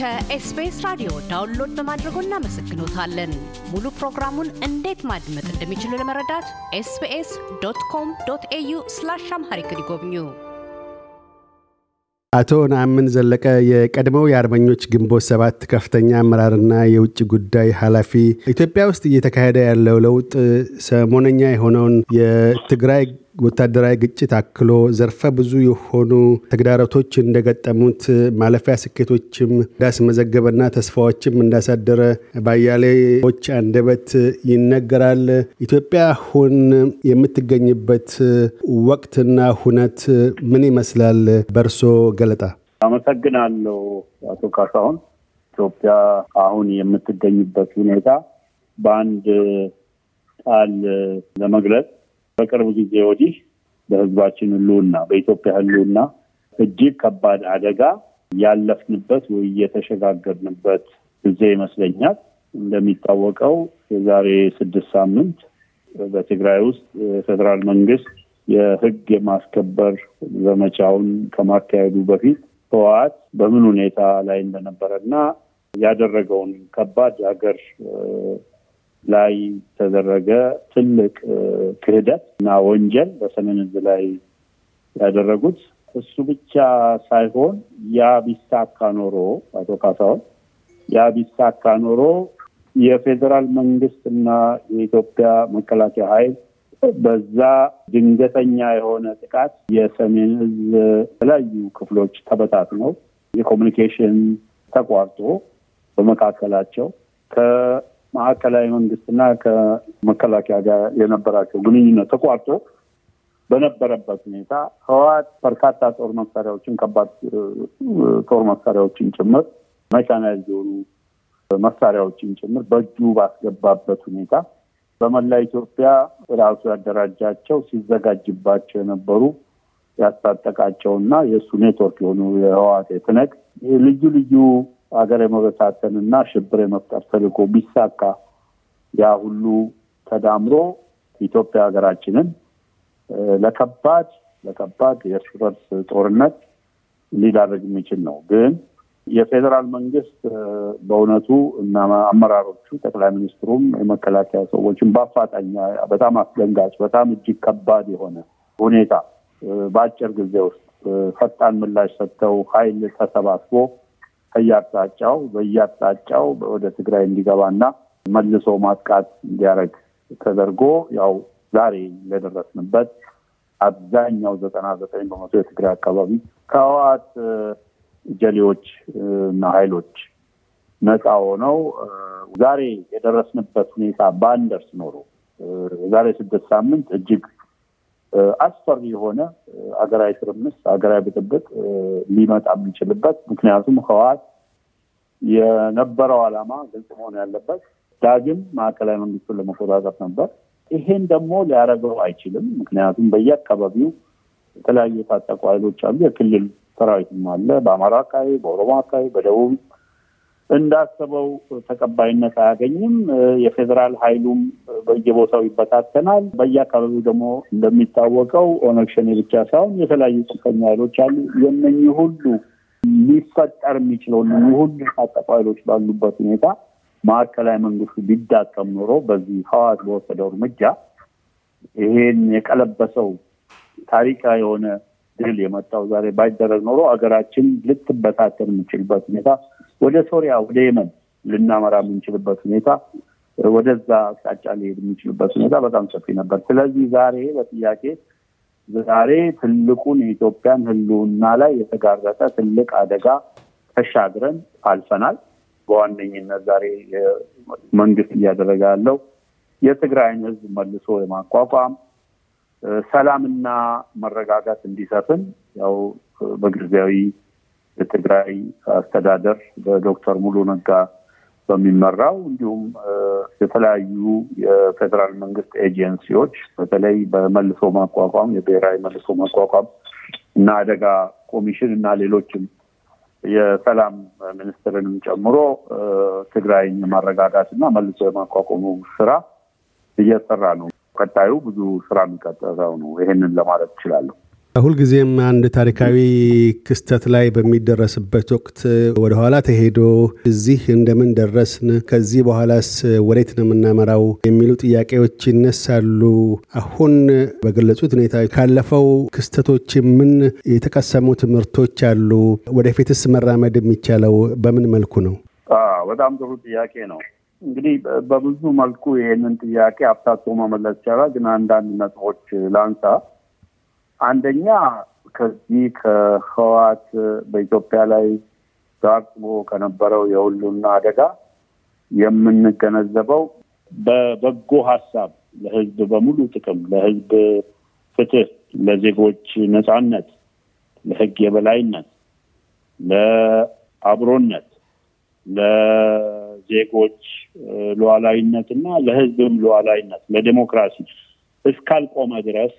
ከኤስቢኤስ ራዲዮ ዳውንሎድ በማድረጎ እናመሰግኖታለን። ሙሉ ፕሮግራሙን እንዴት ማድመጥ እንደሚችሉ ለመረዳት ኤስቢኤስ ዶት ኮም ዶት ኤዩ ስላሽ አምሃሪክ ይጎብኙ። አቶ ነአምን ዘለቀ የቀድሞው የአርበኞች ግንቦት ሰባት ከፍተኛ አመራርና የውጭ ጉዳይ ኃላፊ፣ ኢትዮጵያ ውስጥ እየተካሄደ ያለው ለውጥ ሰሞነኛ የሆነውን የትግራይ ወታደራዊ ግጭት አክሎ ዘርፈ ብዙ የሆኑ ተግዳሮቶች እንደገጠሙት ማለፊያ ስኬቶችም እንዳስመዘገበና ተስፋዎችም እንዳሳደረ ባያሌዎች አንደበት ይነገራል። ኢትዮጵያ አሁን የምትገኝበት ወቅትና ሁነት ምን ይመስላል? በእርሶ ገለጣ። አመሰግናለሁ አቶ ካሳሁን። ኢትዮጵያ አሁን የምትገኝበት ሁኔታ በአንድ ቃል ለመግለጽ በቅርብ ጊዜ ወዲህ በህዝባችን ህልውና፣ በኢትዮጵያ ህልውና እጅግ ከባድ አደጋ ያለፍንበት ወይ የተሸጋገርንበት ጊዜ ይመስለኛል። እንደሚታወቀው የዛሬ ስድስት ሳምንት በትግራይ ውስጥ የፌዴራል መንግስት የህግ የማስከበር ዘመቻውን ከማካሄዱ በፊት ህወሓት በምን ሁኔታ ላይ እንደነበረ እና ያደረገውን ከባድ ሀገር ላይ የተደረገ ትልቅ ክህደት እና ወንጀል በሰሜን ህዝብ ላይ ያደረጉት እሱ ብቻ ሳይሆን ያ ቢሳካ ኖሮ አቶ ካሳሁን ያ ቢሳካ ኖሮ የፌዴራል መንግስት እና የኢትዮጵያ መከላከያ ኃይል በዛ ድንገተኛ የሆነ ጥቃት የሰሜን ህዝብ የተለያዩ ክፍሎች ተበታትነው የኮሚኒኬሽን ተቋርጦ በመካከላቸው ማዕከላዊ መንግስትና ከመከላከያ ጋር የነበራቸው ግንኙነት ተቋርጦ በነበረበት ሁኔታ ህወሓት በርካታ ጦር መሳሪያዎችን ከባድ ጦር መሳሪያዎችን ጭምር መካናይዝድ የሆኑ መሳሪያዎችን ጭምር በእጁ ባስገባበት ሁኔታ በመላ ኢትዮጵያ ራሱ ያደራጃቸው ሲዘጋጅባቸው የነበሩ ያስታጠቃቸውና የእሱ ኔትወርክ የሆኑ የህወሓት የትነግ ልዩ ልዩ አገር የመበታተን እና ሽብር የመፍጠር ተልዕኮ ቢሳካ ያ ሁሉ ተዳምሮ ኢትዮጵያ ሀገራችንን ለከባድ ለከባድ የእርስ በርስ ጦርነት ሊዳረግ የሚችል ነው። ግን የፌዴራል መንግስት በእውነቱ እና አመራሮቹ ጠቅላይ ሚኒስትሩም የመከላከያ ሰዎችን በአፋጣኝ በጣም አስደንጋጭ፣ በጣም እጅግ ከባድ የሆነ ሁኔታ በአጭር ጊዜ ውስጥ ፈጣን ምላሽ ሰጥተው ኃይል ተሰባስቦ ከየአቅጣጫው በየአቅጣጫው ወደ ትግራይ እንዲገባና መልሶ ማጥቃት እንዲያደርግ ተደርጎ ያው ዛሬ እንደደረስንበት አብዛኛው ዘጠና ዘጠኝ በመቶ የትግራይ አካባቢ ከህወሓት ጀሌዎች እና ሀይሎች ነፃ ሆነው ዛሬ የደረስንበት ሁኔታ ባንደርስ ኖሮ የዛሬ ስድስት ሳምንት እጅግ አስፈሪ የሆነ አገራዊ ትርምስ፣ አገራዊ ብጥብጥ ሊመጣ የሚችልበት ምክንያቱም ህወሓት የነበረው ዓላማ ግልጽ መሆን ያለበት ዳግም ማዕከላዊ መንግስቱን ለመቆጣጠር ነበር። ይሄን ደግሞ ሊያደርገው አይችልም። ምክንያቱም በየአካባቢው የተለያዩ የታጠቁ ኃይሎች አሉ። የክልል ሰራዊትም አለ። በአማራ አካባቢ፣ በኦሮሞ አካባቢ፣ በደቡብ እንዳሰበው ተቀባይነት አያገኝም። የፌዴራል ኃይሉም በየቦታው ይበታተናል። በየአካባቢው ደግሞ እንደሚታወቀው ኦነግ ሸኔ ብቻ ሳይሆን የተለያዩ ጽንፈኛ ኃይሎች አሉ። የእነኝህ ሁሉ ሊፈጠር የሚችለው እነኝህ ሁሉ የታጠቁ ኃይሎች ባሉበት ሁኔታ ማዕከላዊ መንግስቱ ቢዳቀም ኖሮ በዚህ ህወሓት በወሰደው እርምጃ ይሄን የቀለበሰው ታሪካዊ የሆነ ድል የመጣው ዛሬ ባይደረግ ኖሮ ሀገራችን ልትበታተን የምችልበት ሁኔታ ወደ ሶሪያ፣ ወደ የመን ልናመራ የምንችልበት ሁኔታ ወደዛ አቅጣጫ ሊሄድ የሚችልበት ሁኔታ በጣም ሰፊ ነበር። ስለዚህ ዛሬ በጥያቄ ዛሬ ትልቁን የኢትዮጵያን ሕልውና ላይ የተጋረጠ ትልቅ አደጋ ተሻግረን አልፈናል። በዋነኝነት ዛሬ መንግስት እያደረገ ያለው የትግራይን ሕዝብ መልሶ የማቋቋም ሰላምና መረጋጋት እንዲሰፍን ያው በጊዜያዊ የትግራይ አስተዳደር በዶክተር ሙሉ ነጋ በሚመራው እንዲሁም የተለያዩ የፌዴራል መንግስት ኤጀንሲዎች በተለይ በመልሶ ማቋቋም የብሔራዊ መልሶ ማቋቋም እና አደጋ ኮሚሽን እና ሌሎችም የሰላም ሚኒስትርንም ጨምሮ ትግራይን የማረጋጋት እና መልሶ የማቋቋሙ ስራ እየሰራ ነው። ቀጣዩ ብዙ ስራ የሚቀጠረው ነው። ይሄንን ለማለት እችላለሁ። ሁልጊዜም አንድ ታሪካዊ ክስተት ላይ በሚደረስበት ወቅት ወደኋላ ተሄዶ እዚህ እንደምን ደረስን፣ ከዚህ በኋላስ ወዴት ነው የምናመራው የሚሉ ጥያቄዎች ይነሳሉ። አሁን በገለጹት ሁኔታ ካለፈው ክስተቶች ምን የተቀሰሙ ትምህርቶች አሉ? ወደፊትስ መራመድ የሚቻለው በምን መልኩ ነው? በጣም ጥሩ ጥያቄ ነው። እንግዲህ በብዙ መልኩ ይህንን ጥያቄ አብታቶ መመለስ ይቻላል፣ ግን አንዳንድ ነጥቦች ላንሳ። አንደኛ ከዚህ ከህወሓት በኢትዮጵያ ላይ ተዋቅቦ ከነበረው የሁሉና አደጋ የምንገነዘበው በበጎ ሀሳብ ለህዝብ በሙሉ ጥቅም፣ ለህዝብ ፍትህ፣ ለዜጎች ነፃነት፣ ለህግ የበላይነት፣ ለአብሮነት፣ ለዜጎች ሉዓላዊነት እና ለህዝብም ሉዓላዊነት፣ ለዴሞክራሲ እስካልቆመ ድረስ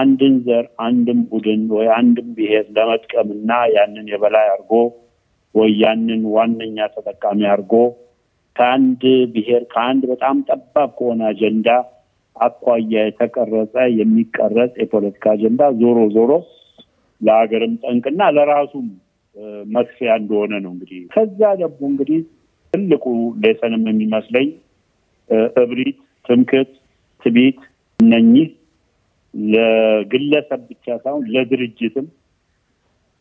አንድን ዘር አንድን ቡድን ወይ አንድን ብሔር ለመጥቀምና ያንን የበላይ አድርጎ ወይ ያንን ዋነኛ ተጠቃሚ አድርጎ ከአንድ ብሔር ከአንድ በጣም ጠባብ ከሆነ አጀንዳ አኳያ የተቀረጸ የሚቀረጽ የፖለቲካ አጀንዳ ዞሮ ዞሮ ለሀገርም ጠንቅና ለራሱም መክፊያ እንደሆነ ነው። እንግዲህ ከዛ ደግሞ እንግዲህ ትልቁ ሌሰንም የሚመስለኝ እብሪት፣ ትምክት ትቢት እነኚህ ለግለሰብ ብቻ ሳይሆን ለድርጅትም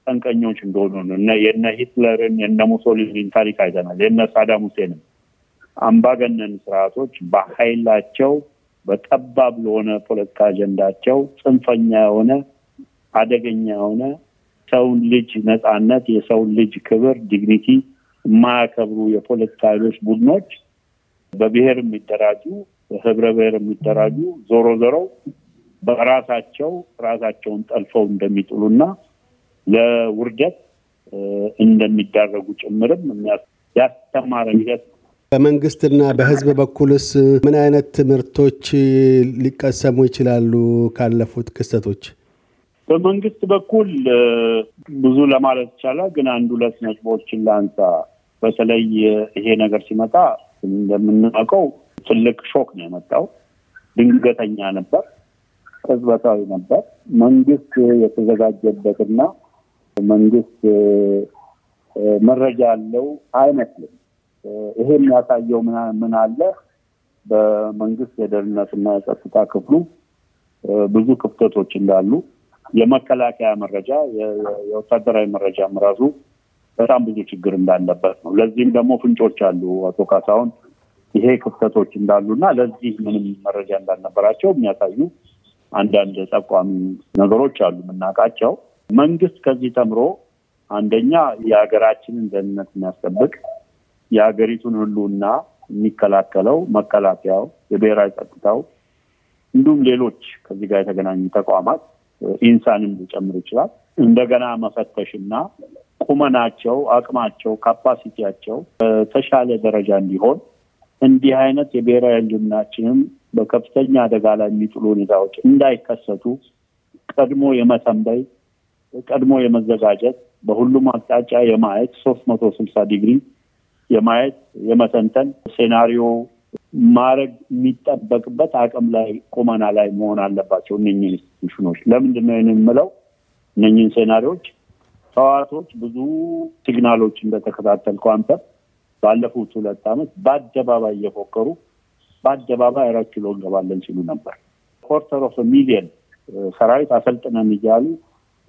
ጠንቀኞች እንደሆኑ ነው። የነ ሂትለርን የነ ሙሶሊኒን ታሪክ አይተናል። የነ ሳዳም ሁሴንም አምባገነን ስርዓቶች በኃይላቸው በጠባብ ለሆነ ፖለቲካ አጀንዳቸው ጽንፈኛ የሆነ አደገኛ የሆነ ሰውን ልጅ ነፃነት፣ የሰውን ልጅ ክብር፣ ዲግኒቲ የማያከብሩ የፖለቲካ ኃይሎች ቡድኖች በብሔር የሚደራጁ በህብረ ብሔር የሚደራጁ ዞሮ ዞሮ በራሳቸው ራሳቸውን ጠልፈው እንደሚጥሉና ለውርደት እንደሚዳረጉ ጭምርም ያስተማረን ሂደት ነው። በመንግስትና በህዝብ በኩልስ ምን አይነት ትምህርቶች ሊቀሰሙ ይችላሉ ካለፉት ክስተቶች? በመንግስት በኩል ብዙ ለማለት ይቻላል፣ ግን አንድ ሁለት ነጥቦችን ለአንሳ በተለይ ይሄ ነገር ሲመጣ እንደምናውቀው ትልቅ ሾክ ነው የመጣው። ድንገተኛ ነበር። ቅጽበታዊ ነበር። መንግስት የተዘጋጀበትና መንግስት መረጃ ያለው አይመስልም። ይሄ የሚያሳየው ምን አለ? በመንግስት የደህንነትና የጸጥታ ክፍሉ ብዙ ክፍተቶች እንዳሉ የመከላከያ መረጃ የወታደራዊ መረጃ ራሱ በጣም ብዙ ችግር እንዳለበት ነው። ለዚህም ደግሞ ፍንጮች አሉ። አቶ ካሳሁን ይሄ ክፍተቶች እንዳሉና ለዚህ ምንም መረጃ እንዳልነበራቸው የሚያሳዩ አንዳንድ ጠቋሚ ነገሮች አሉ የምናውቃቸው። መንግስት ከዚህ ተምሮ አንደኛ የሀገራችንን ደህንነት የሚያስጠብቅ የሀገሪቱን ሕልውና የሚከላከለው መከላከያው፣ የብሔራዊ ጸጥታው እንዲሁም ሌሎች ከዚህ ጋር የተገናኙ ተቋማት ኢንሳንም ሊጨምር ይችላል እንደገና መፈተሽና ቁመናቸው፣ አቅማቸው፣ ካፓሲቲያቸው በተሻለ ደረጃ እንዲሆን እንዲህ አይነት የብሔራዊ ሕልውናችንም በከፍተኛ አደጋ ላይ የሚጥሉ ሁኔታዎች እንዳይከሰቱ ቀድሞ የመተንበይ ቀድሞ የመዘጋጀት በሁሉም አቅጣጫ የማየት ሶስት መቶ ስልሳ ዲግሪ የማየት የመተንተን ሴናሪዮ ማድረግ የሚጠበቅበት አቅም ላይ ቁመና ላይ መሆን አለባቸው እነኝህ ኢንስቲቱሽኖች። ለምንድን ነው ይህን የምለው? እነኝን ሴናሪዎች ጠዋቶች ብዙ ሲግናሎች እንደተከታተልከው አንተ ባለፉት ሁለት ዓመት በአደባባይ እየፎከሩ በአደባባይ አራት ኪሎ እንገባለን ሲሉ ነበር። ኮርተር ኦፍ ሚሊየን ሰራዊት አሰልጥነን እያሉ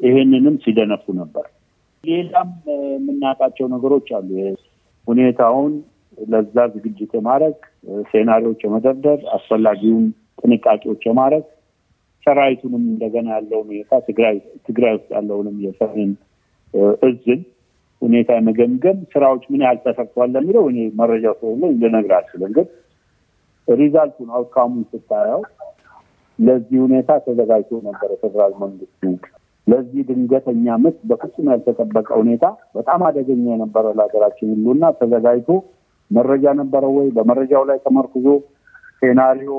ይሄንንም ሲደነፉ ነበር። ሌላም የምናውቃቸው ነገሮች አሉ። ሁኔታውን ለዛ ዝግጅት የማድረግ ሴናሪዎች የመደርደር አስፈላጊውን ጥንቃቄዎች የማድረግ ሰራዊቱንም እንደገና ያለውን ሁኔታ ትግራይ ውስጥ ያለውንም የሰሜን እዝን ሁኔታ መገምገም ስራዎች ምን ያህል ተሰርተዋል ለሚለው እኔ መረጃ ስለሌለኝ ልነግርህ አልችልም። ግን ሪዛልቱን አውትካሙን ስታየው ለዚህ ሁኔታ ተዘጋጅቶ ነበረ ፌደራል መንግስቱ። ለዚህ ድንገተኛ ምት በፍጹም ያልተጠበቀ ሁኔታ በጣም አደገኛ የነበረ ለሀገራችን ሁሉና ተዘጋጅቶ መረጃ ነበረ ወይ በመረጃው ላይ ተመርኩዞ ሴናሪዮ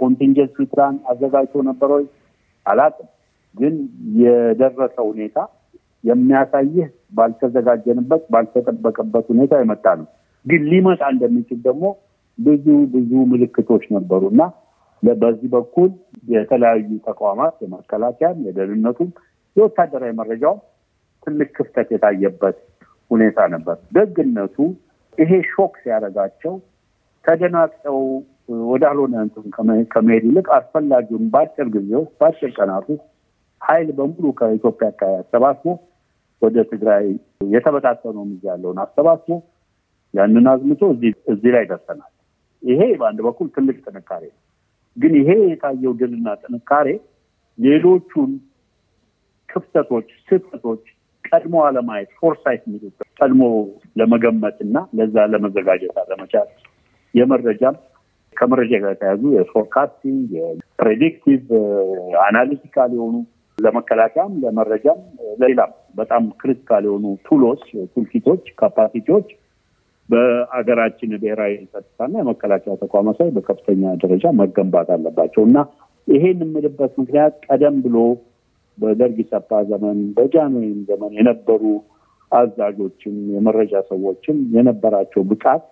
ኮንቲንጀንሲ ፕላን አዘጋጅቶ ነበረ ወይ አላቅም። ግን የደረሰ ሁኔታ የሚያሳይህ ባልተዘጋጀንበት ባልተጠበቀበት ሁኔታ የመጣ ነው። ግን ሊመጣ እንደሚችል ደግሞ ብዙ ብዙ ምልክቶች ነበሩ እና በዚህ በኩል የተለያዩ ተቋማት የመከላከያም፣ የደህንነቱም፣ የወታደራዊ መረጃውም ትልቅ ክፍተት የታየበት ሁኔታ ነበር። ደግነቱ ይሄ ሾክ ሲያደርጋቸው ተደናግጠው ወዳልሆነ እንትን ከመሄድ ይልቅ አስፈላጊውን በአጭር ጊዜ ውስጥ በአጭር ቀናት ውስጥ ኃይል በሙሉ ከኢትዮጵያ አካባቢ አሰባስቦ ወደ ትግራይ የተበታተነው ምዝ ያለውን አሰባስቦ ያንን አዝምቶ እዚህ ላይ ደርሰናል። ይሄ በአንድ በኩል ትልቅ ጥንካሬ ነው። ግን ይሄ የታየው ድልና ጥንካሬ ሌሎቹን ክፍተቶች፣ ስህተቶች ቀድሞ አለማየት ፎርሳይት ሚሉት ቀድሞ ለመገመት እና ለዛ ለመዘጋጀት አለመቻል የመረጃም ከመረጃ ጋር የተያዙ የፎርካስቲንግ የፕሬዲክቲቭ አናሊቲካል የሆኑ ለመከላከያም ለመረጃም ለሌላም በጣም ክሪቲካል የሆኑ ቱሎች፣ ቱልኪቶች፣ ካፓሲቲዎች በአገራችን ብሔራዊ ጸጥታና የመከላከያ ተቋማት ላይ በከፍተኛ ደረጃ መገንባት አለባቸው እና ይሄን የምልበት ምክንያት ቀደም ብሎ በደርግ ኢሰፓ ዘመን በጃንሆይም ዘመን የነበሩ አዛዦችም የመረጃ ሰዎችም የነበራቸው ብቃት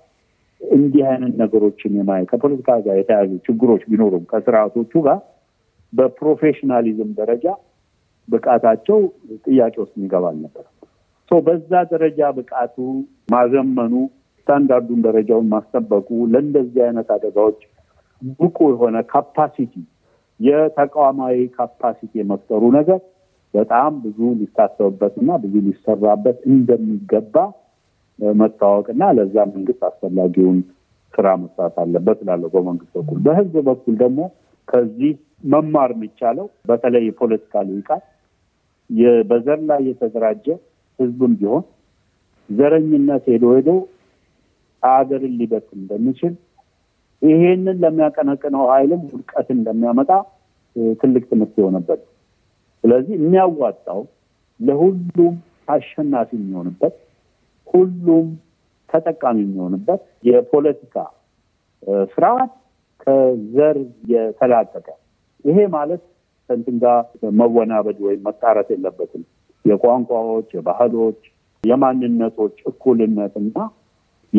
እንዲህ አይነት ነገሮችን የማየ ከፖለቲካ ጋር የተያዙ ችግሮች ቢኖሩም ከስርዓቶቹ ጋር በፕሮፌሽናሊዝም ደረጃ ብቃታቸው ጥያቄ ውስጥ የሚገባ አልነበረም። በዛ ደረጃ ብቃቱ ማዘመኑ፣ ስታንዳርዱን ደረጃውን ማስጠበቁ ለእንደዚህ አይነት አደጋዎች ብቁ የሆነ ካፓሲቲ የተቋማዊ ካፓሲቲ የመፍጠሩ ነገር በጣም ብዙ ሊታሰብበት እና ብዙ ሊሰራበት እንደሚገባ መታወቅና ለዛ መንግስት አስፈላጊውን ስራ መስራት አለበት እላለሁ። በመንግስት በኩል በህዝብ በኩል ደግሞ ከዚህ መማር የሚቻለው በተለይ የፖለቲካ ልሂቃን በዘር ላይ የተደራጀ ህዝብም ቢሆን ዘረኝነት ሄዶ ሄዶ ሀገርን ሊበት እንደሚችል ይሄንን ለሚያቀነቅነው ሀይልም ውድቀት እንደሚያመጣ ትልቅ ትምህርት የሆነበት ስለዚህ የሚያዋጣው ለሁሉም አሸናፊ የሚሆንበት ሁሉም ተጠቃሚ የሚሆንበት የፖለቲካ ስርዓት ከዘር የተላቀቀ ይሄ ማለት ከእንትን ጋር መወናበድ ወይም መጣረት የለበትም። የቋንቋዎች፣ የባህሎች፣ የማንነቶች እኩልነት እና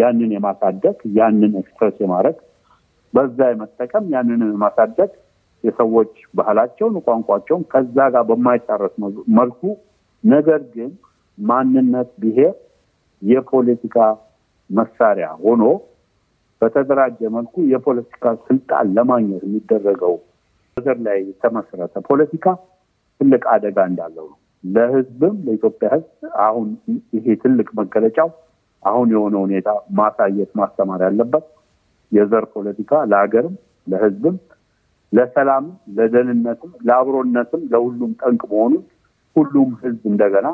ያንን የማሳደግ ያንን ኤክስፕረስ የማድረግ በዛ የመጠቀም ያንን የማሳደግ የሰዎች ባህላቸውን፣ ቋንቋቸውን ከዛ ጋር በማይጣረስ መልኩ ነገር ግን ማንነት፣ ብሄር የፖለቲካ መሳሪያ ሆኖ በተደራጀ መልኩ የፖለቲካ ስልጣን ለማግኘት የሚደረገው ዘር ላይ የተመሰረተ ፖለቲካ ትልቅ አደጋ እንዳለው ነው። ለህዝብም ለኢትዮጵያ ህዝብ አሁን ይሄ ትልቅ መገለጫው አሁን የሆነ ሁኔታ ማሳየት ማስተማር ያለበት የዘር ፖለቲካ ለሀገርም ለህዝብም ለሰላም ለደህንነትም ለአብሮነትም ለሁሉም ጠንቅ መሆኑን ሁሉም ህዝብ እንደገና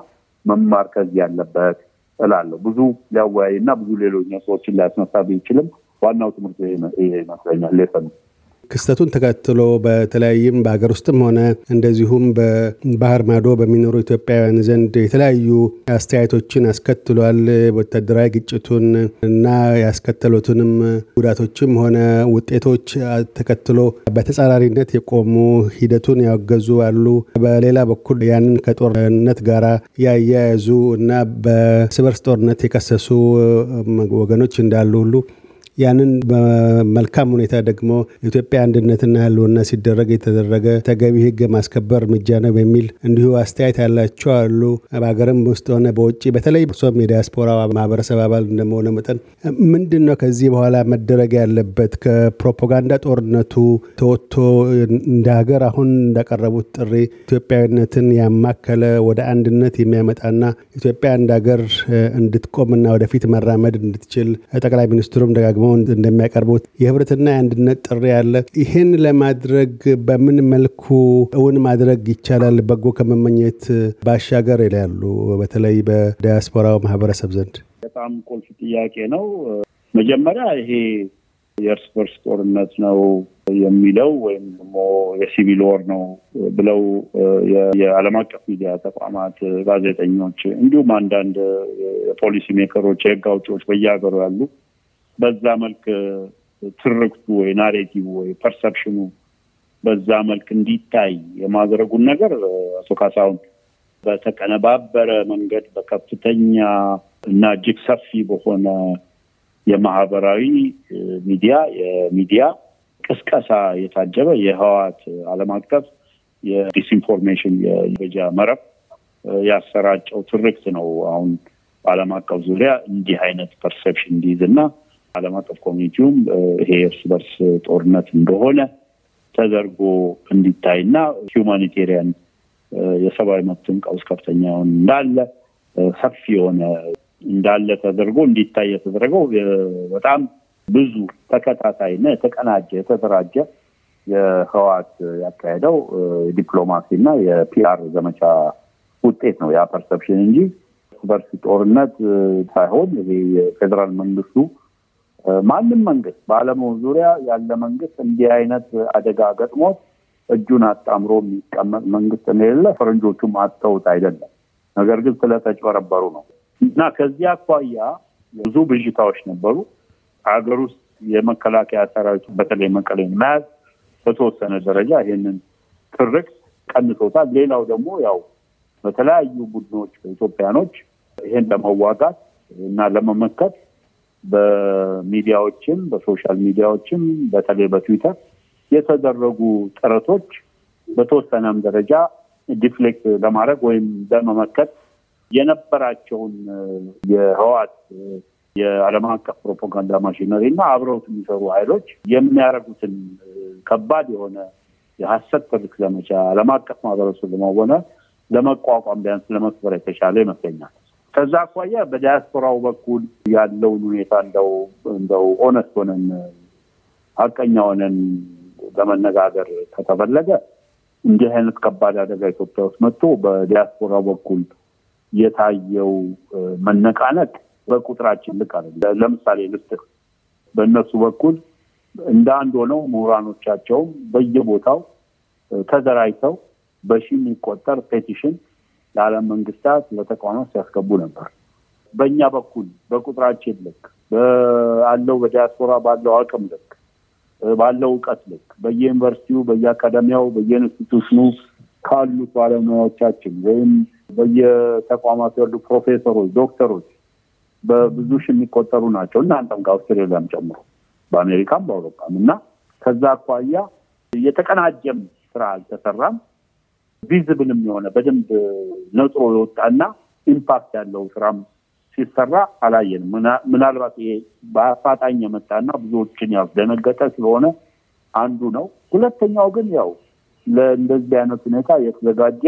መማር ከዚህ ያለበት እላለሁ። ብዙ ሊያወያይ እና ብዙ ሌሎኛ ሰዎችን ሊያስነሳ ቢችልም ዋናው ትምህርት ይመስለኛል ሌሰ ነው። ክስተቱን ተከትሎ በተለያይም በሀገር ውስጥም ሆነ እንደዚሁም በባህር ማዶ በሚኖሩ ኢትዮጵያውያን ዘንድ የተለያዩ አስተያየቶችን አስከትሏል። ወታደራዊ ግጭቱን እና ያስከተሉትንም ጉዳቶችም ሆነ ውጤቶች ተከትሎ በተጻራሪነት የቆሙ ሂደቱን ያወገዙ አሉ። በሌላ በኩል ያንን ከጦርነት ጋራ ያያያዙ እና በስበርስ ጦርነት የከሰሱ ወገኖች እንዳሉ ሁሉ ያንን በመልካም ሁኔታ ደግሞ ኢትዮጵያ አንድነትና ህልውና ሲደረግ የተደረገ ተገቢ ህግ ማስከበር እርምጃ ነው በሚል እንዲሁ አስተያየት ያላቸው አሉ። በሀገርም ውስጥ ሆነ በውጭ በተለይ እርሶም የዲያስፖራ ማህበረሰብ አባል እንደመሆነ መጠን ምንድን ነው ከዚህ በኋላ መደረግ ያለበት ከፕሮፓጋንዳ ጦርነቱ ተወጥቶ እንደ ሀገር አሁን እንዳቀረቡት ጥሪ ኢትዮጵያዊነትን ያማከለ ወደ አንድነት የሚያመጣና ኢትዮጵያ እንደ ሀገር እንድትቆምና ወደፊት መራመድ እንድትችል ጠቅላይ ሚኒስትሩም ደጋግሞ ተቋቁመው እንደሚያቀርቡት የህብረትና የአንድነት ጥሪ አለ። ይህን ለማድረግ በምን መልኩ እውን ማድረግ ይቻላል? በጎ ከመመኘት ባሻገር ይላሉ። በተለይ በዲያስፖራው ማህበረሰብ ዘንድ በጣም ቁልፍ ጥያቄ ነው። መጀመሪያ ይሄ የእርስ በርስ ጦርነት ነው የሚለው ወይም ደግሞ የሲቪል ወር ነው ብለው የዓለም አቀፍ ሚዲያ ተቋማት፣ ጋዜጠኞች፣ እንዲሁም አንዳንድ የፖሊሲ ሜከሮች፣ የህግ አውጪዎች በየሀገሩ ያሉ በዛ መልክ ትርክቱ ወይ ናሬቲቭ ወይ ፐርሰፕሽኑ በዛ መልክ እንዲታይ የማድረጉን ነገር አቶ ካሳሁን በተቀነባበረ መንገድ በከፍተኛ እና እጅግ ሰፊ በሆነ የማህበራዊ ሚዲያ የሚዲያ ቅስቀሳ የታጀበ የህዋት አለም አቀፍ የዲስኢንፎርሜሽን የበጃ መረብ ያሰራጨው ትርክት ነው። አሁን በአለም አቀፍ ዙሪያ እንዲህ አይነት ፐርሰፕሽን እንዲይዝ እና ዓለም አቀፍ ኮሚኒቲውም ይሄ እርስ በርስ ጦርነት እንደሆነ ተደርጎ እንዲታይና ሂውማኒቴሪያን የሰብአዊ መብትን ቀውስ ከፍተኛውን እንዳለ ሰፊ የሆነ እንዳለ ተደርጎ እንዲታይ የተደረገው በጣም ብዙ ተከታታይና የተቀናጀ የተደራጀ የህወሓት ያካሄደው ዲፕሎማሲ የዲፕሎማሲና የፒአር ዘመቻ ውጤት ነው። ያ ፐርሰፕሽን እንጂ በርስ ጦርነት ሳይሆን ይሄ የፌዴራል መንግስቱ ማንም መንግስት በአለም ዙሪያ ያለ መንግስት እንዲህ አይነት አደጋ ገጥሞት እጁን አጣምሮ የሚቀመጥ መንግስት እንደሌለ ፈረንጆቹም አጥተውት አይደለም። ነገር ግን ስለተጭበረበሩ ነው እና ከዚህ አኳያ ብዙ ብዥታዎች ነበሩ። ሀገር ውስጥ የመከላከያ ሰራዊቱ በተለይ መቀሌን መያዝ በተወሰነ ደረጃ ይህንን ትርክ ቀንሶታል። ሌላው ደግሞ ያው በተለያዩ ቡድኖች በኢትዮጵያኖች ይህን ለመዋጋት እና ለመመከት በሚዲያዎችም በሶሻል ሚዲያዎችም በተለይ በትዊተር የተደረጉ ጥረቶች በተወሰነም ደረጃ ዲፍሌክት ለማድረግ ወይም ለመመከት የነበራቸውን የህዋት የዓለም አቀፍ ፕሮፓጋንዳ ማሽነሪ እና አብረውት የሚሰሩ ኃይሎች የሚያደርጉትን ከባድ የሆነ የሀሰት ትርክ ዘመቻ ዓለም አቀፍ ማህበረሰብ ለመሆነ ለመቋቋም ቢያንስ ለመክበር የተሻለ ይመስለኛል። ከዛ አኳያ በዲያስፖራው በኩል ያለውን ሁኔታ እንደው እንደው ኦነስት ሆነን ሀቀኛ ሆነን ለመነጋገር ከተፈለገ እንዲህ አይነት ከባድ አደጋ ኢትዮጵያ ውስጥ መጥቶ በዲያስፖራ በኩል የታየው መነቃነቅ በቁጥራችን ልቅ አለ። ለምሳሌ ልስጥህ፣ በእነሱ በኩል እንደ አንድ ሆነው ምሁራኖቻቸውም በየቦታው ተደራጅተው በሺ የሚቆጠር ፔቲሽን ለዓለም መንግስታት፣ ለተቋማት ሲያስገቡ ነበር። በእኛ በኩል በቁጥራችን ልክ አለው በዲያስፖራ ባለው አቅም ልክ ባለው እውቀት ልክ በየዩኒቨርሲቲው፣ በየአካደሚያው፣ በየኢንስቲቱሽኑ ካሉት ባለሙያዎቻችን ወይም በየተቋማት ያሉ ፕሮፌሰሮች፣ ዶክተሮች በብዙ የሚቆጠሩ ናቸው። እናንተም ከአውስትሬሊያም ጨምሮ በአሜሪካም በአውሮፓም እና ከዛ አኳያ የተቀናጀም ስራ አልተሰራም። ቪዝብልም የሆነ በደንብ ነጥሮ የወጣና ኢምፓክት ያለው ስራም ሲሰራ አላየንም። ምናልባት ይሄ በአፋጣኝ የመጣና ብዙዎችን ያስደነገጠ ስለሆነ አንዱ ነው። ሁለተኛው ግን ያው ለእንደዚህ አይነት ሁኔታ የተዘጋጀ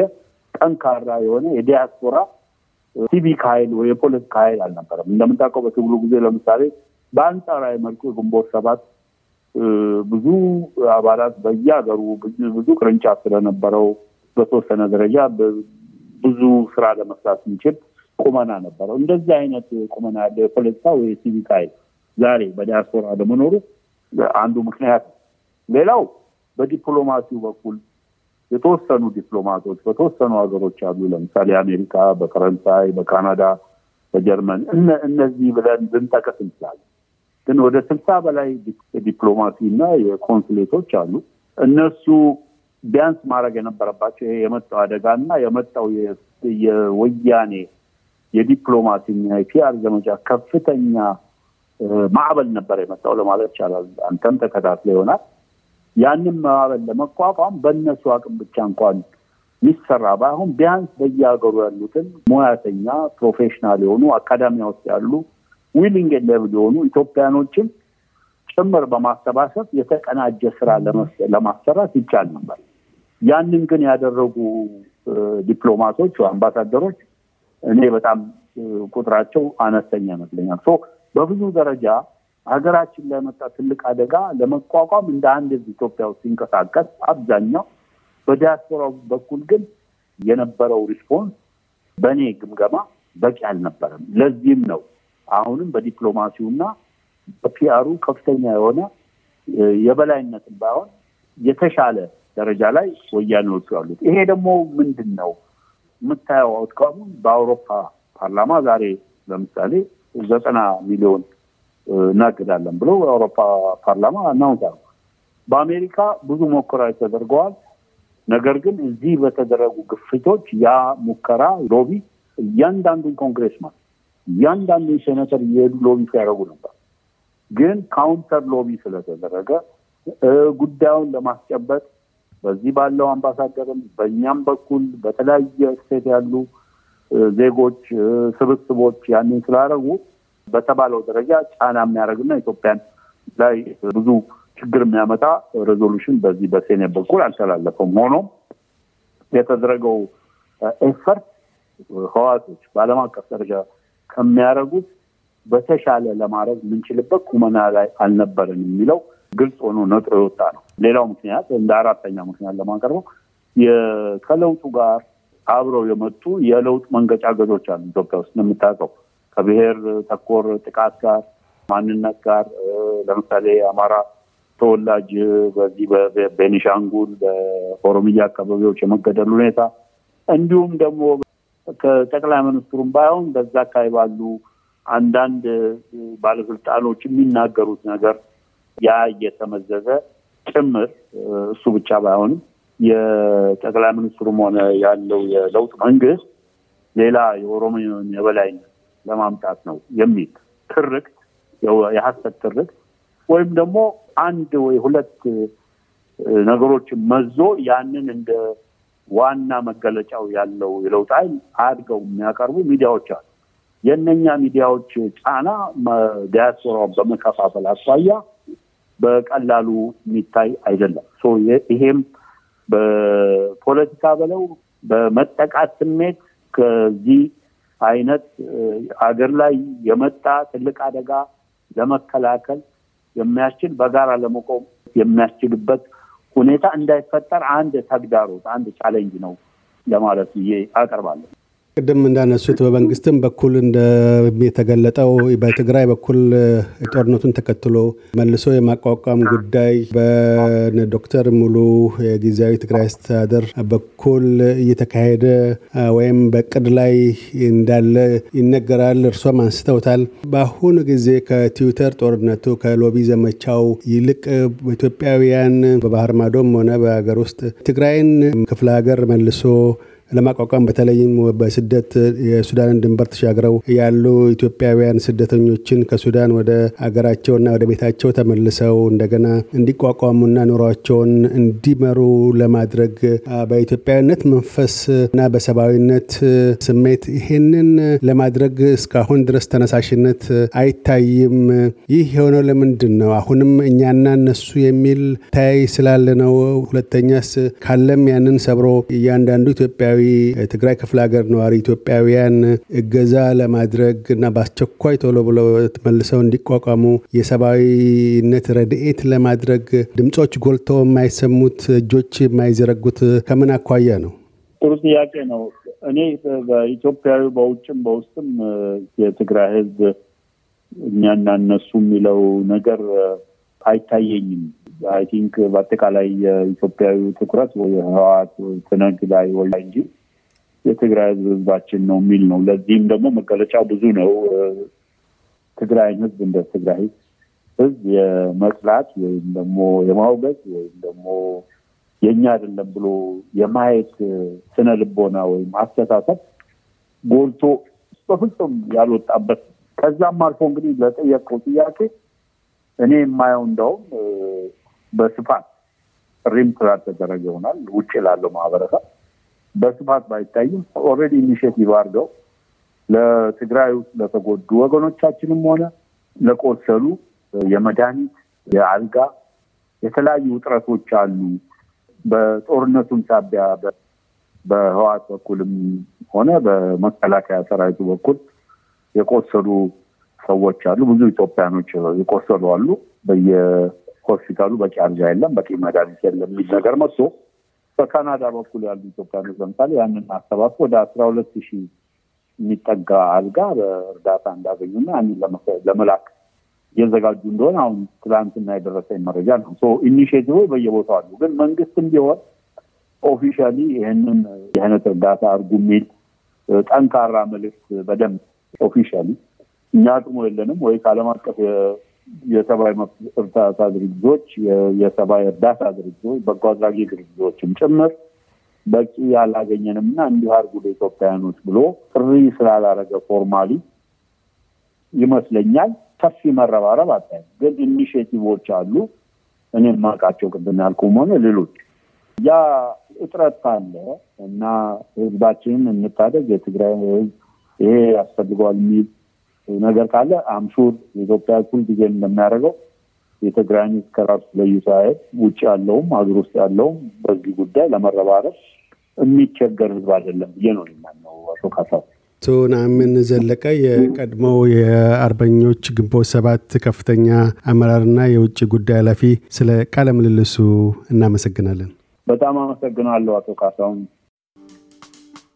ጠንካራ የሆነ የዲያስፖራ ሲቪክ ኃይል ወይ የፖለቲካ ኃይል አልነበረም። እንደምታውቀው በትግሉ ጊዜ ለምሳሌ በአንጻራዊ መልኩ የግንቦት ሰባት ብዙ አባላት በየሀገሩ ብዙ ቅርንጫፍ ስለነበረው በተወሰነ ደረጃ ብዙ ስራ ለመስራት የሚችል ቁመና ነበረው። እንደዚህ አይነት ቁመና ያለው የፖለቲካ ወይ ሲቪክ ኃይል ዛሬ በዲያስፖራ ለመኖሩ አንዱ ምክንያት ነው። ሌላው በዲፕሎማሲው በኩል የተወሰኑ ዲፕሎማቶች በተወሰኑ ሀገሮች አሉ። ለምሳሌ አሜሪካ፣ በፈረንሳይ፣ በካናዳ፣ በጀርመን እነዚህ ብለን ልንጠቀስ እንችላለን። ግን ወደ ስልሳ በላይ ዲፕሎማሲ እና የኮንስሌቶች አሉ እነሱ ቢያንስ ማድረግ የነበረባቸው ይሄ የመጣው አደጋ እና የመጣው የወያኔ የዲፕሎማሲና የፒአር ዘመቻ ከፍተኛ ማዕበል ነበር የመጣው ለማለት ይቻላል። አንተም ተከታትለ ይሆናል። ያንን ማዕበል ለመቋቋም በእነሱ አቅም ብቻ እንኳን ሚሰራ ባይሆን ቢያንስ በየሀገሩ ያሉትን ሙያተኛ ፕሮፌሽናል የሆኑ አካዳሚያ ውስጥ ያሉ ዊሊንግ ሌብል የሆኑ ኢትዮጵያኖችን ጭምር በማሰባሰብ የተቀናጀ ስራ ለማሰራት ይቻል ነበር። ያንን ግን ያደረጉ ዲፕሎማቶች አምባሳደሮች እኔ በጣም ቁጥራቸው አነስተኛ ይመስለኛል። በብዙ ደረጃ ሀገራችን ላይ መጣ ትልቅ አደጋ ለመቋቋም እንደ አንድ ህዝብ ኢትዮጵያ ውስጥ ሲንቀሳቀስ፣ አብዛኛው በዲያስፖራው በኩል ግን የነበረው ሪስፖንስ በእኔ ግምገማ በቂ አልነበረም። ለዚህም ነው አሁንም በዲፕሎማሲውና በፒአሩ ከፍተኛ የሆነ የበላይነትም ባይሆን የተሻለ ደረጃ ላይ ወያኔዎቹ ያሉት። ይሄ ደግሞ ምንድን ነው የምታየው አውትካሙ በአውሮፓ ፓርላማ ዛሬ ለምሳሌ ዘጠና ሚሊዮን እናግዳለን ብሎ የአውሮፓ ፓርላማ አናውንስ አሉ። በአሜሪካ ብዙ ሙከራዎች ተደርገዋል። ነገር ግን እዚህ በተደረጉ ግፊቶች ያ ሙከራ ሎቢ እያንዳንዱን ኮንግሬስማን እያንዳንዱን ሴኔተር እየሄዱ ሎቢ ሲያደርጉ ነበር። ግን ካውንተር ሎቢ ስለተደረገ ጉዳዩን ለማስጨበጥ በዚህ ባለው አምባሳደርም በእኛም በኩል በተለያየ ስቴት ያሉ ዜጎች ስብስቦች ያንን ስላደረጉ በተባለው ደረጃ ጫና የሚያደርግና ኢትዮጵያን ላይ ብዙ ችግር የሚያመጣ ሬዞሉሽን በዚህ በሴኔት በኩል አልተላለፈም። ሆኖም የተደረገው ኤፈርት ህዋቶች በዓለም አቀፍ ደረጃ ከሚያደርጉት በተሻለ ለማድረግ የምንችልበት ቁመና ላይ አልነበረን የሚለው ግልጽ ሆኖ ነጥሮ የወጣ ነው። ሌላው ምክንያት እንደ አራተኛ ምክንያት ለማቀርበው ከለውጡ ጋር አብረው የመጡ የለውጥ መንገጫገጮች አሉ። ኢትዮጵያ ውስጥ እንደምታውቀው ከብሔር ተኮር ጥቃት ጋር ማንነት ጋር ለምሳሌ አማራ ተወላጅ በዚህ በቤኒሻንጉል በኦሮሚያ አካባቢዎች የመገደል ሁኔታ እንዲሁም ደግሞ ከጠቅላይ ሚኒስትሩም ባይሆን በዛ አካባቢ ባሉ አንዳንድ ባለስልጣኖች የሚናገሩት ነገር ያ እየተመዘዘ ጭምር እሱ ብቻ ባይሆንም የጠቅላይ ሚኒስትሩም ሆነ ያለው የለውጥ መንግስት ሌላ የኦሮሚያን የበላይነት ለማምጣት ነው የሚል ትርክት፣ የሀሰት ትርክት ወይም ደግሞ አንድ ወይ ሁለት ነገሮችን መዞ ያንን እንደ ዋና መገለጫው ያለው የለውጥ ኃይል አድገው የሚያቀርቡ ሚዲያዎች አሉ። የእነኛ ሚዲያዎች ጫና ዲያስፖራውን በመከፋፈል አኳያ በቀላሉ የሚታይ አይደለም። ይሄም በፖለቲካ በለው በመጠቃት ስሜት ከዚህ አይነት አገር ላይ የመጣ ትልቅ አደጋ ለመከላከል የሚያስችል በጋራ ለመቆም የሚያስችልበት ሁኔታ እንዳይፈጠር አንድ ተግዳሮት፣ አንድ ቻሌንጅ ነው ለማለት ብዬ አቀርባለሁ። ቅድም እንዳነሱት በመንግስትም በኩል እንደተገለጠው በትግራይ በኩል ጦርነቱን ተከትሎ መልሶ የማቋቋም ጉዳይ በዶክተር ሙሉ የጊዜያዊ ትግራይ አስተዳደር በኩል እየተካሄደ ወይም በቅድ ላይ እንዳለ ይነገራል። እርሶም አንስተውታል። በአሁኑ ጊዜ ከትዊተር ጦርነቱ ከሎቢ ዘመቻው ይልቅ ኢትዮጵያውያን በባህር ማዶም ሆነ በሀገር ውስጥ ትግራይን ክፍለ ሀገር መልሶ ለማቋቋም በተለይም በስደት የሱዳንን ድንበር ተሻግረው ያሉ ኢትዮጵያውያን ስደተኞችን ከሱዳን ወደ አገራቸውና ወደ ቤታቸው ተመልሰው እንደገና እንዲቋቋሙና ኑሯቸውን እንዲመሩ ለማድረግ በኢትዮጵያዊነት መንፈስ እና በሰብአዊነት ስሜት ይሄንን ለማድረግ እስካሁን ድረስ ተነሳሽነት አይታይም። ይህ የሆነው ለምንድን ነው? አሁንም እኛና እነሱ የሚል ታይ ስላለ ነው? ሁለተኛስ ካለም ያንን ሰብሮ እያንዳንዱ ኢትዮጵያዊ ሰሜናዊ ትግራይ ክፍለ ሀገር ነዋሪ ኢትዮጵያውያን እገዛ ለማድረግ እና በአስቸኳይ ቶሎ ብሎ መልሰው እንዲቋቋሙ የሰብአዊነት ረድኤት ለማድረግ ድምፆች ጎልተው የማይሰሙት እጆች የማይዘረጉት ከምን አኳያ ነው? ጥሩ ጥያቄ ነው። እኔ በኢትዮጵያዊ በውጭም በውስጥም የትግራይ ህዝብ እኛና እነሱ የሚለው ነገር አይታየኝም። አይ ቲንክ በአጠቃላይ የኢትዮጵያዊ ትኩረት ወይ ህወሓት ትነግ ላይ ወይ እንጂ የትግራይ ህዝብ ህዝባችን ነው የሚል ነው። ለዚህም ደግሞ መገለጫው ብዙ ነው። ትግራይን ህዝብ እንደ ትግራይ ህዝብ የመጥላት ወይም ደግሞ የማውገዝ ወይም ደግሞ የእኛ አይደለም ብሎ የማየት ስነ ልቦና ወይም አስተሳሰብ ጎልቶ በፍጹም ያልወጣበት ከዛም አልፎ እንግዲህ ለጠየቀው ጥያቄ እኔ የማየው እንደውም በስፋት ሪም ስላልተደረገ ይሆናል ውጭ ላለው ማህበረሰብ በስፋት ባይታይም ኦልሬዲ ኢኒሽቲቭ አድርገው ለትግራይ ውስጥ ለተጎዱ ወገኖቻችንም ሆነ ለቆሰሉ የመድኃኒት የአልጋ የተለያዩ ውጥረቶች አሉ። በጦርነቱም ሳቢያ በህዋት በኩልም ሆነ በመከላከያ ሰራዊቱ በኩል የቆሰሉ ሰዎች አሉ። ብዙ ኢትዮጵያኖች የቆሰሉ አሉ። በየ ሆስፒታሉ በቂ አንጃ የለም፣ በቂ መድኃኒት የለም የሚል ነገር መጥቶ በካናዳ በኩል ያሉ ኢትዮጵያኖች ለምሳሌ ያንን አሰባብ ወደ አስራ ሁለት ሺህ የሚጠጋ አልጋ በእርዳታ እንዳገኙና ያንን ለመላክ እየዘጋጁ እንደሆነ አሁን ትላንትና የደረሰኝ መረጃ ነው። ኢኒሽቲቭ በየቦታው አሉ። ግን መንግስትም ቢሆን ኦፊሻሊ ይህንን የአይነት እርዳታ አርጉ የሚል ጠንካራ መልእክት በደንብ ኦፊሻሊ እኛ አቅሙ የለንም ወይ ከአለም አቀፍ የሰብአዊ መብት እርዳታ ድርጅቶች፣ የሰብአዊ እርዳታ ድርጅቶች፣ በጎ አድራጊ ድርጅቶችም ጭምር በቂ ያላገኘንም እና እንዲሁ አድርጉ ለኢትዮጵያውያኖች ብሎ ጥሪ ስላላረገ ፎርማሊ ይመስለኛል ሰፊ መረባረብ አታይም። ግን ኢኒሽቲቮች አሉ። እኔ የማውቃቸው ቅድም ያልኩም ሆነ ሌሎች ያ እጥረት ካለ እና ህዝባችንን እንታደግ የትግራይ ህዝብ ይሄ ያስፈልገዋል የሚል ነገር ካለ አምሹር የኢትዮጵያ ሁልጊዜ እንደሚያደርገው የተግራኙት ከራሱ ለዩ ሳይሆን ውጭ ያለውም ሀገር ውስጥ ያለውም በዚህ ጉዳይ ለመረባረብ የሚቸገር ህዝብ አይደለም ብዬ ነው ነው አቶ ካሳው ቱናምን ዘለቀ የቀድሞው የአርበኞች ግንቦት ሰባት ከፍተኛ አመራርና የውጭ ጉዳይ ኃላፊ፣ ስለ ቃለ ምልልሱ እናመሰግናለን። በጣም አመሰግናለሁ አቶ ካሳውን።